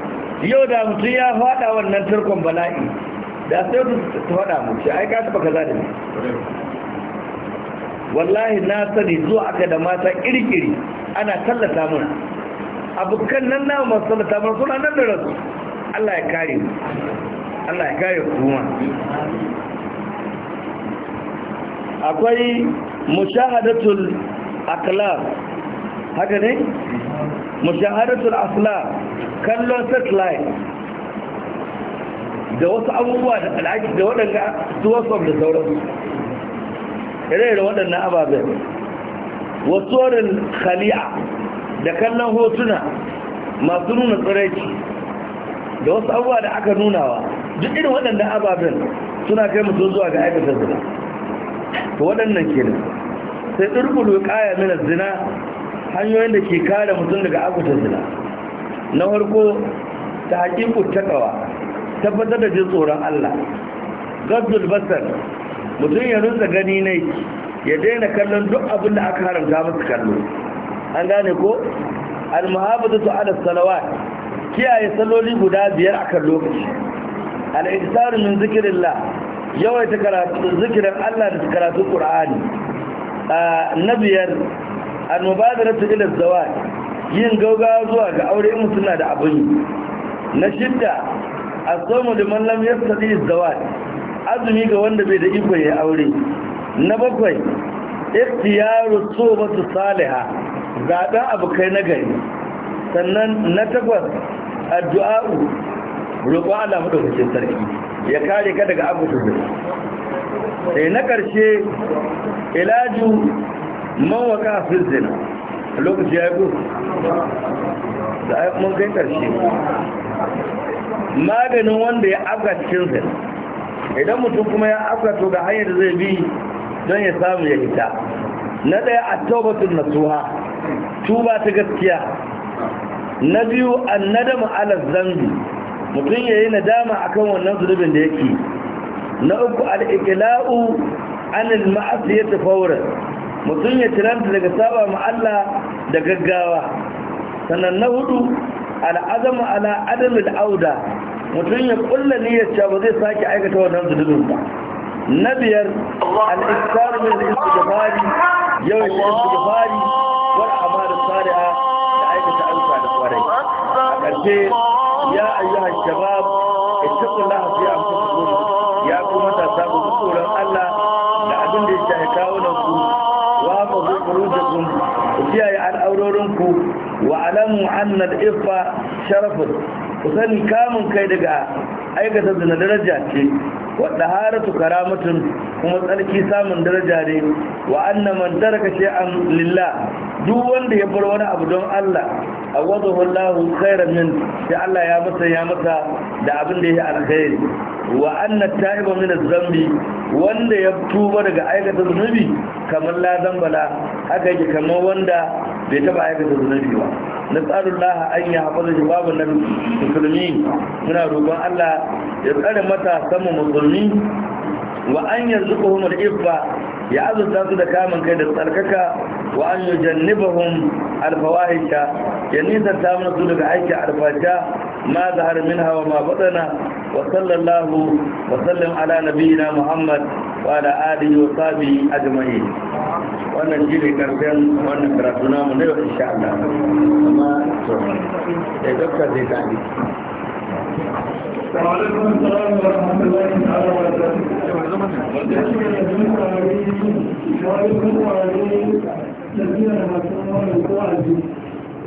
yau da mutum ya faɗa wannan tarkon bala'i da sai wata ta faɗa mu shi ai ka taɓa kaza da ni wallahi na sani zuwa aka da mata kirkiri ana tallata mana, abokan nan na masu tallata mana suna nan da rasu Allah ya kare mu Allah ya kare kuma akwai mushahadatul akhlaq haka ne mushahadatul akhlaq kallon satellite da wasu abubuwa da alaƙi da waɗanda suwasom da sauransu ire da waɗannan ababen wasu warin khali'a da kallon hotuna masu nuna tsiraici da wasu abubuwa da aka nunawa duk irin waɗannan ababen suna kai mutum zuwa ga aikata zina ta waɗannan kenan sai ɗirkulu ƙaya mina zina hanyoyin da ke kare mutum daga aikata zina na farko ta haƙiƙu takawa tabbatar da jin tsoron Allah gabdul basar mutum ya nutsa gani ne ya daina kallon duk abin da aka haramta masa kallo an gane ko al-muhafazatu ala salawat kiyaye saloli guda biyar akan lokaci al-ihsar min zikrillah yawaita karatu zikirin Allah da karatu Qur'ani na biyar al-mubadaratu ila zawaj yin gaugawa zuwa ga aure in mutum na da abin na shidda da Mallam lam yastati zawaj azumi ga wanda bai da iko ya aure na bakwai ikhtiyaru sobatu saliha zaben abokai na gari sannan na takwas addu'a'u roƙon Allah madaukakin sarki ya kare ka daga abu tuzu sai na ƙarshe ilaju mawaka fizzina lokaci ya yi da mun kai ƙarshe maganin wanda ya afga cikin sa idan mutum kuma ya afga to ga hanyar da zai bi don ya samu ya hita na daya at na nasuha tuba ta gaskiya na biyu nadama ala zambi mutum yayi nadama akan wannan zunubin da yake na uku al-iqla'u an al-ma'siyati fawran mutum ya tiranta daga saba ma Allah da gaggawa sannan na hudu al'azama ala adam al'auda mutum ya kulla niyyar cewa ba zai sake aikata wannan zunubin ba na biyar da iktar min istighfari yawan da fari wani amma da da aikata alfa da kwarai a ƙarfe alamu annal ifa sharafin ku sani kamun kai daga aikata zina daraja ce wadda haratu karamatun kuma tsarki samun daraja ne wa annan man taraka shay'an lillah duk wanda ya bar wani abu don Allah awadahu Allah khairan min sai Allah ya masa ya masa da abin da ya alkhairi wa anna ta'iba min zambi wanda ya tuba daga aikata zunubi kamar la zambala haka yake kamar wanda bai taba aikata zunubi ba nas'alullah an ya hafaza babu na musulmi muna roƙon Allah ya tsare mata sama musulmi wa an yanzu kohumar ibba ya azurta su da kamun kai da tsarkaka wa an yi jannibahun alfawahisha ya ta mana su daga aikin alfasha ma har min hawa ma faɗana, wa sallallahu wa sallam ala nabiyina muhammad wa ala alihi wa sabi ajma'i wannan shi ne karshen wannan karatu namu na yau insha Allah kuma ya eh, dokta zai tafi وعليكم السلام ورحمة الله تعالى وبركاته.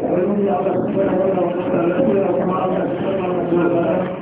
وعليكم السلام ورحمة الله وبركاته.